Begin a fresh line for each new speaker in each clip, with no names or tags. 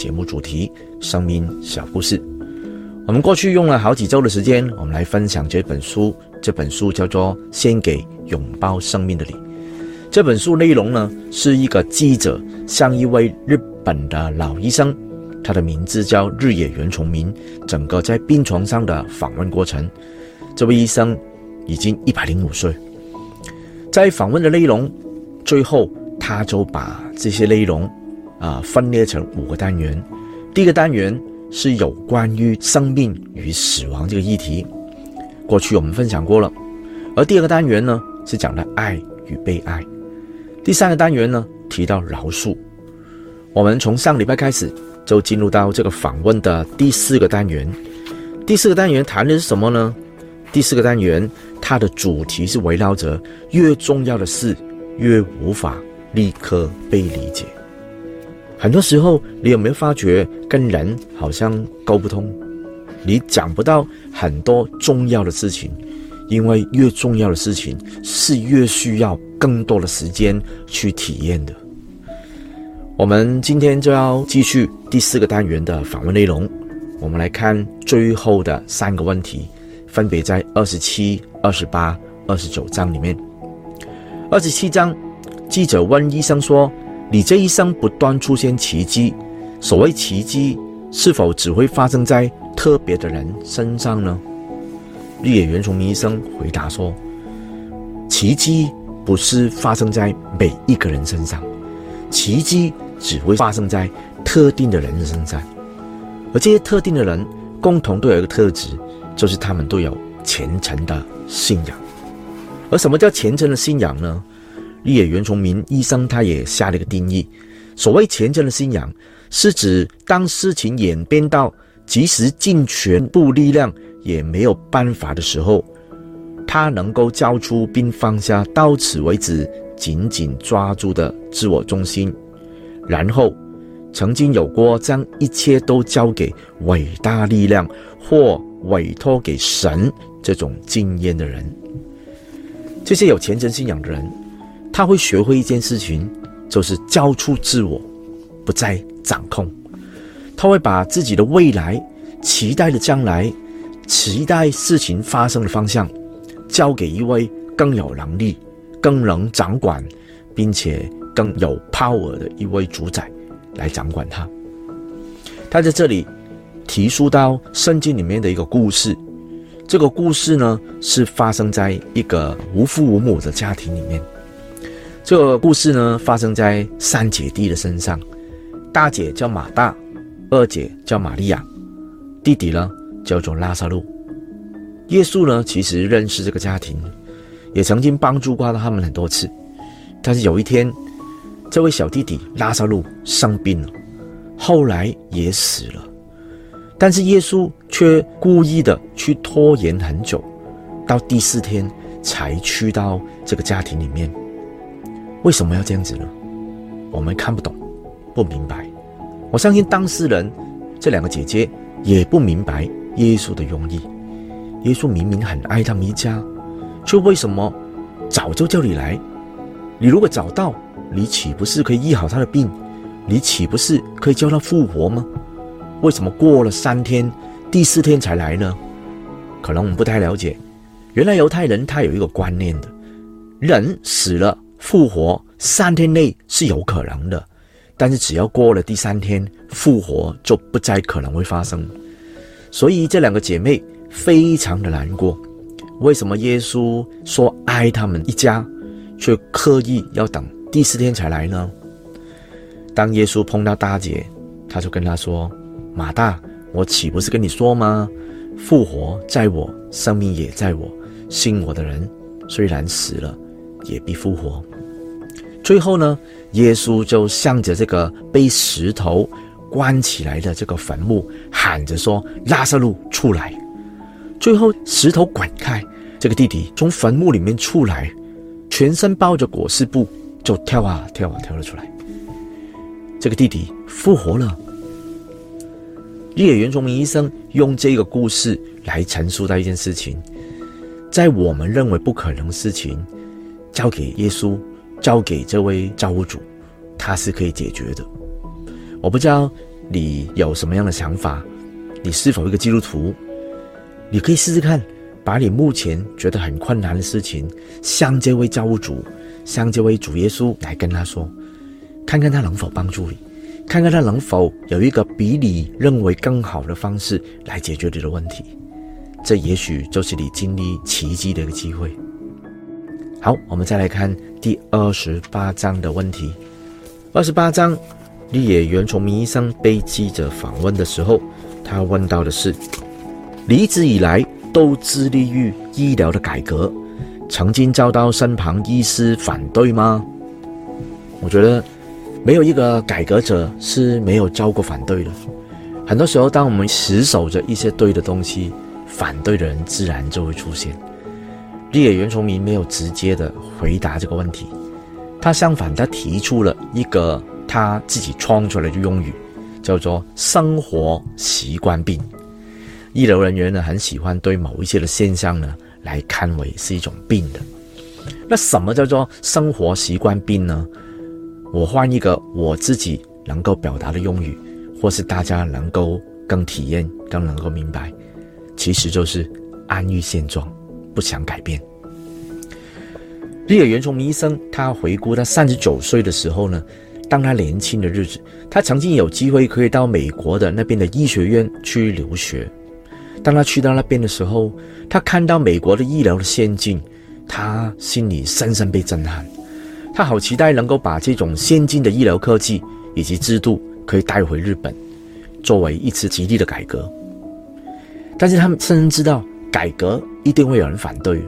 節目主題：生命小故事。我們過去用了好幾周的時間，我們來分享這本書。這本書叫做《獻給擁抱生命的你》。這本書內容呢，是一個記者向一位日本的老醫生，他的名字叫日野原重明，整個在病床上的訪問過程。這位醫生已經一百零五歲。在訪問的內容，最後他就把這些內容。啊，分裂成五個單元。第一個單元是有關於生命與死亡這個議題，過去我們分享過了。而第二個單元呢，是講的愛與被愛。第三個單元呢，提到饒恕。我們從上禮拜開始就進入到這個訪問的第四個單元。第四個單元談的是什麼呢？第四個單元它的主題是圍繞着越重要的事，越無法立刻被理解。很多時候，你有沒有發覺跟人好像溝不通？你講不到很多重要的事情，因為越重要的事情是越需要更多的時間去體驗的。我們今天就要繼續第四個單元的訪問內容，我們來看最後的三個問題，分別在二十七、二十八、二十九章裡面。二十七章，記者問醫生說，你這一生不斷出現奇蹟，所謂奇蹟是否只會發生在特別的人身上呢？日野原重明醫生回答說：“奇蹟不是發生在每一個人身上，奇蹟只會發生在特定的人身上，而這些特定的人共同都有一個特質，就是他們都有虔誠的信仰。而什麼叫虔誠的信仰呢？”日野原重明醫生，他也下了一個定義：所謂虔誠的信仰，是指當事情演變到即使盡全部力量也沒有辦法的時候，他能夠交出並放下到此為止緊緊抓住的自我中心，然後曾經有過將一切都交給偉大力量或委託給神這種經驗的人，這些有虔誠信仰的人。他會學會一件事情，就是交出自我，不再掌控。他會把自己的未來、期待的將來、期待事情發生的方向，交給一位更有能力、更能掌管，並且更有 power 的一位主宰來掌管他。他在這裡提出到聖經裡面的一個故事，這個故事呢是發生在一個無父無母的家庭裡面。這個故事呢，發生在三姐弟的身上。大姐叫馬大，二姐叫瑪利亞，弟弟呢叫做拉撒路。耶穌呢，其實認識這個家庭，也曾經幫助過他們很多次。但是有一天，這位小弟弟拉撒路生病了，後來也死了。但是耶穌卻故意的去拖延很久，到第四天才去到這個家庭裡面。為什麼要這樣子呢？我們看不懂，不明白。我相信當事人這兩個姐姐也不明白耶穌的用意。耶穌明明很愛他們一家，卻為什麼早就叫你來？你如果找到，你豈不是可以醫好他的病？你豈不是可以叫他復活嗎？為什麼過了三天，第四天才來呢？可能我們不太了解。原來猶太人他有一個觀念的，人死了。復活三天內是有可能的，但是只要過了第三天，復活就不再可能會發生。所以這兩個姐妹非常的難過。為什麼耶穌說愛他們一家，卻刻意要等第四天才來呢？當耶穌碰到大姐，他就跟她說：“馬大，我豈不是跟你說嗎？復活在我，生命也在我，信我的人雖然死了。”也必復活。最後呢，耶穌就向着這個被石頭關起來的這個墳墓喊着說：“拉撒路出來！”最後石頭滾開，這個弟弟從墳墓裡面出來，全身包着裹屍布，就跳啊跳啊跳了出來。這個弟弟復活了。日野原重明醫生用這個故事來陳述到一件事情：在我們認為不可能的事情。交給耶穌，交給這位造物主，他是可以解決的。我不知道你有什麼樣的想法，你是否一個基督徒？你可以試試看，把你目前覺得很困難的事情，向這位造物主，向這位主耶穌來跟他說，看看他能否幫助你，看看他能否有一個比你認為更好的方式來解決你的問題。這也許就是你經歷奇蹟的一個機會。好，我們再來看第二十八章的問題。二十八章，日野原重明醫生被記者訪問的時候，他問到的是：你一直以來都致力於醫療的改革，曾經遭到身旁醫師反對嗎？我覺得，沒有一個改革者是沒有遭過反對的。很多時候，當我們死守着一些對的東西，反對的人自然就會出現。日野原重明沒有直接的回答這個問題，他相反，他提出了一個他自己創出來的用語，叫做“生活習慣病”。醫療人員呢，很喜歡對某一些的現象呢，來看為是一種病的。那什麼叫做生活習慣病呢？我換一個我自己能夠表達的用語，或是大家能夠更體驗、更能夠明白，其實就是安於現狀。不想改變。日野原重明醫生，他回顧他三十九歲的時候呢，當他年輕的日子，他曾經有機會可以到美國的那邊的醫學院去留學。當他去到那邊的時候，他看到美國的醫療的先進，他心裡深深被震撼。他好期待能夠把這種先進的醫療科技以及制度可以帶回日本，作為一次極力的改革。但是他們深深知道改革，一定會有人反對，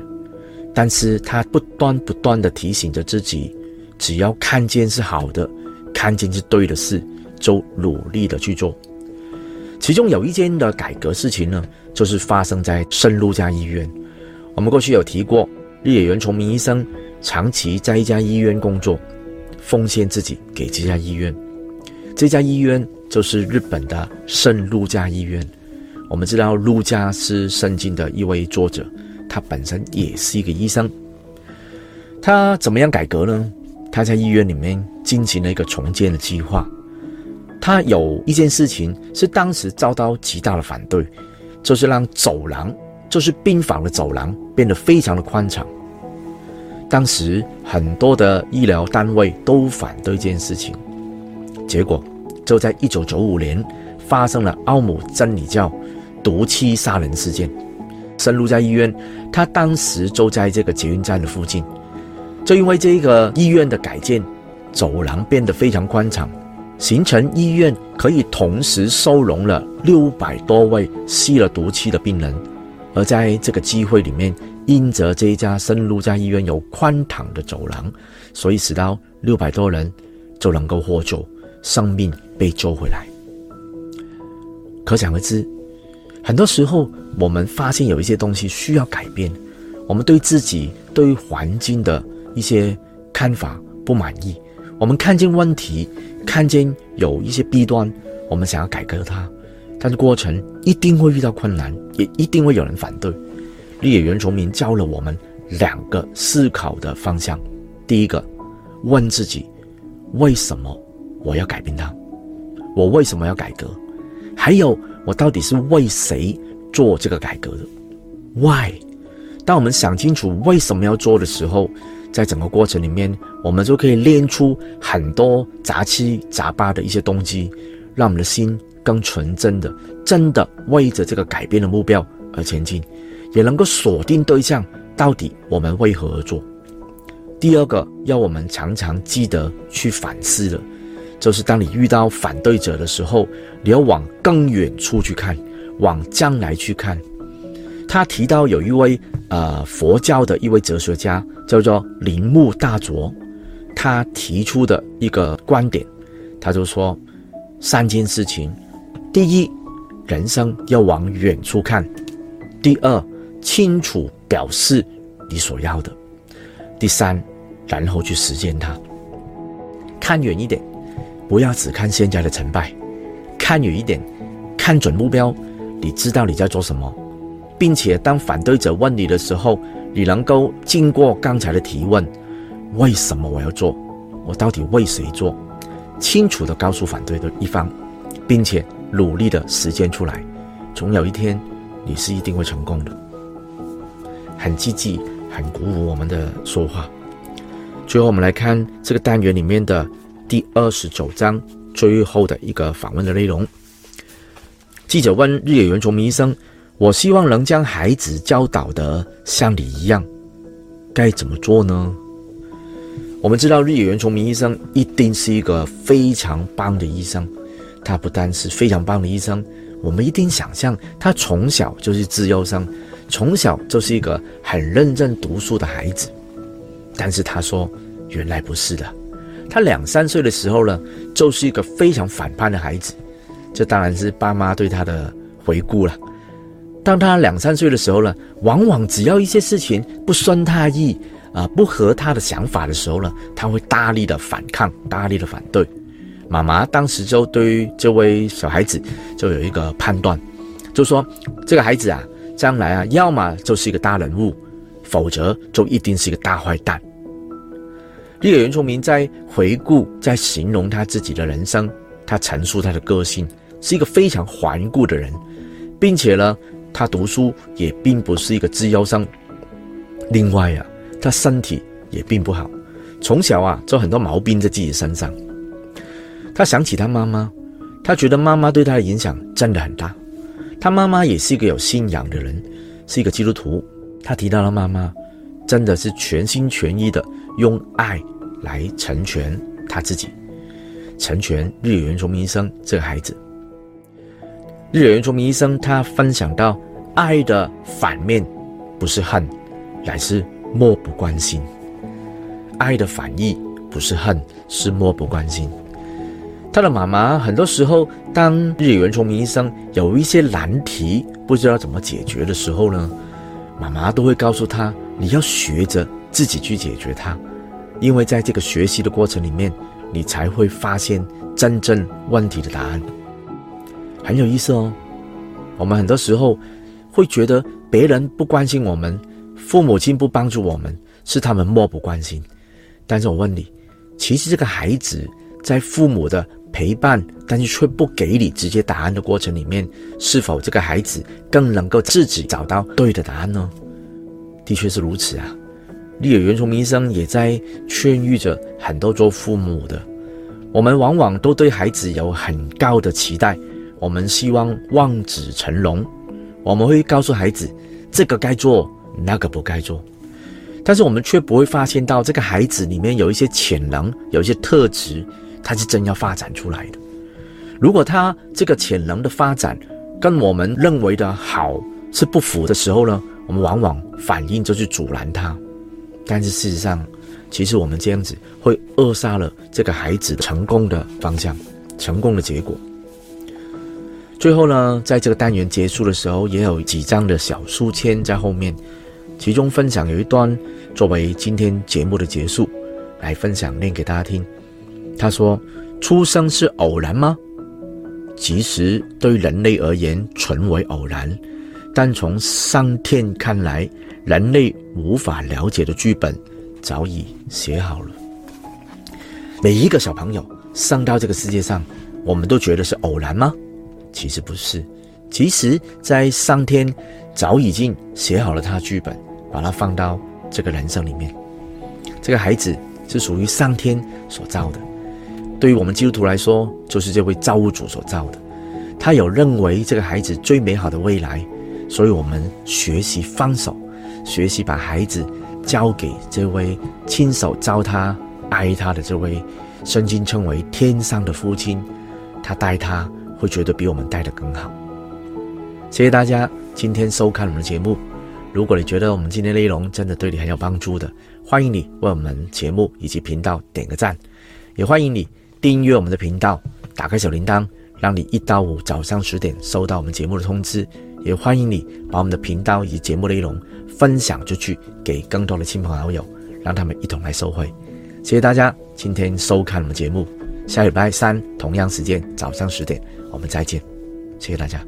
但是他不斷不斷的提醒着自己，只要看見是好的，看見是對的事，就努力的去做。其中有一件的改革事情呢，就是發生在聖路加醫院。我們過去有提過，日野原重明醫生長期在一家醫院工作，奉獻自己給這家醫院。這家醫院就是日本的聖路加醫院。我們知道，路加是聖經的一位作者，他本身也是一個醫生。他怎麼樣改革呢？他在醫院裡面進行了一個重建的計劃。他有一件事情是當時遭到極大的反對，就是讓走廊，就是病房的走廊變得非常的寬敞。當時很多的醫療單位都反對這件事情。結果就在一九九五年發生了奧姆真理教。毒氣殺人事件，聖路加醫院，他當時就在這個捷運站的附近，就因為這個醫院的改建，走廊變得非常寬敞，形成醫院可以同時收容了六百多位吸了毒氣的病人，而在這個機會裡面，因着這一家聖路加醫院有寬敞的走廊，所以使到六百多人就能夠獲救，生命被救回來，可想而知。很多時候，我們發現有一些東西需要改變，我們對自己、對於環境的一些看法不滿意，我們看見問題，看見有一些弊端，我們想要改革它，但是過程一定會遇到困難，也一定會有人反對。日野原重明教了我們兩個思考的方向：第一個，問自己，為什麼我要改變它？我為什麼要改革？還有，我到底是為誰做這個改革的？Why？當我們想清楚為什麼要做的時候，在整個過程裡面，我們就可以練出很多雜七雜八的一些東西，讓我們的心更純真的，真的為着這個改變的目標而前進，也能夠鎖定對象到底我們為何而做。第二個，要我們常常記得去反思的。就是當你遇到反對者的時候，你要往更遠處去看，往將來去看。他提到有一位呃佛教的一位哲學家叫做鈴木大拙，他提出的一個觀點，他就說三件事情：第一，人生要往遠處看；第二，清楚表示你所要的；第三，然後去實踐它。看遠一點。不要只看現在的成敗，看遠一點，看準目標，你知道你在做什麼，並且當反對者問你的時候，你能夠經過剛才的提問，為什麼我要做，我到底為誰做，清楚的告訴反對的一方，並且努力的實踐出來，總有一天你是一定會成功的。很積極，很鼓舞我們的說話。最後，我們來看這個單元裡面的。第二十九章最後的一個訪問的內容。記者問日野原重明醫生：“我希望能將孩子教導得像你一樣，該怎麼做呢？”我們知道日野原重明醫生一定是一個非常棒的醫生，他不但是非常棒的醫生，我們一定想象他從小就是資優生，從小就是一個很認真讀書的孩子。但是他說：“原來不是的。”他兩三歲的時候呢，就是一個非常反叛的孩子，這當然是爸媽對他的回顧了。當他兩三歲的時候呢，往往只要一些事情不順他意啊，呃，不合他的想法的時候呢，他會大力的反抗，大力的反對。媽媽當時就對於這位小孩子就有一個判斷，就說這個孩子啊，將來啊，要麼就是一個大人物，否則就一定是一個大壞蛋。這個日野原重明在回顧，在形容他自己的人生，他陳述他的個性是一個非常頑固的人，並且呢，他讀書也並不是一個資優生。另外呀、啊，他身體也並不好，從小啊就很多毛病在自己身上。他想起他媽媽，他覺得媽媽對他的影響真的很大。他媽媽也是一個有信仰的人，是一個基督徒。他提到了媽媽，真的是全心全意的。用愛來成全他自己，成全日野原重明醫生這個孩子。日野原重明醫生他分享到，愛的反面不是恨，乃是漠不關心。愛的反義不是恨，是漠不關心。他的媽媽很多時候，當日野原重明醫生有一些難題不知道怎麼解決的時候呢，媽媽都會告訴他：“你要學着。”自己去解決它，因為在這個學習的過程裡面，你才會發現真正問題的答案。很有意思哦。我們很多時候會覺得別人不關心我們，父母親不幫助我們，是他們漠不關心。但是我問你，其實這個孩子在父母的陪伴，但是卻不給你直接答案的過程裡面，是否這個孩子更能夠自己找到對的答案呢？的確是如此啊。日野原重明醫生也在勸喻着很多做父母的，我們往往都對孩子有很高的期待，我們希望望子成龍，我們會告訴孩子這個該做，那個不該做，但是我們卻不會發現到這個孩子裡面有一些潛能，有一些特質，他是真要發展出來的。如果他這個潛能的發展跟我們認為的好是不符的時候呢，我們往往反應就去阻攔他。但是事實上，其實我們這樣子會扼殺了這個孩子的成功的方向，成功的結果。最後呢，在這個單元結束的時候，也有幾張的小書籤在後面，其中分享有一段，作為今天節目的結束，來分享念給大家聽。他說：“出生是偶然嗎？其實對人類而言，純為偶然，但從上天看來，人類無法了解的劇本，早已寫好了。每一個小朋友上到這個世界上，我們都覺得是偶然嗎？其實不是，其實在上天早已經寫好了他劇本，把他放到這個人生裡面。這個孩子是屬於上天所造的，對於我們基督徒來說，就是這位造物主所造的。他有認為這個孩子最美好的未來，所以我們學習放手。學習把孩子交給這位親手教他、愛他的這位，聖經稱為天上的父親，他帶他會覺得比我們帶得更好。謝謝大家今天收看我們的節目。如果你覺得我們今天的內容真的對你很有幫助的，歡迎你為我們節目以及頻道點個讚，也歡迎你訂閱我們的頻道，打開小鈴鐺，讓你一到五早上十點收到我們節目的通知。也歡迎你把我們的頻道以及節目內容。分享出去，給更多的親朋好友，讓他們一同來受惠。謝謝大家，今天收看我們節目，下禮拜三，同樣時間，早上十點，我們再見，謝謝大家。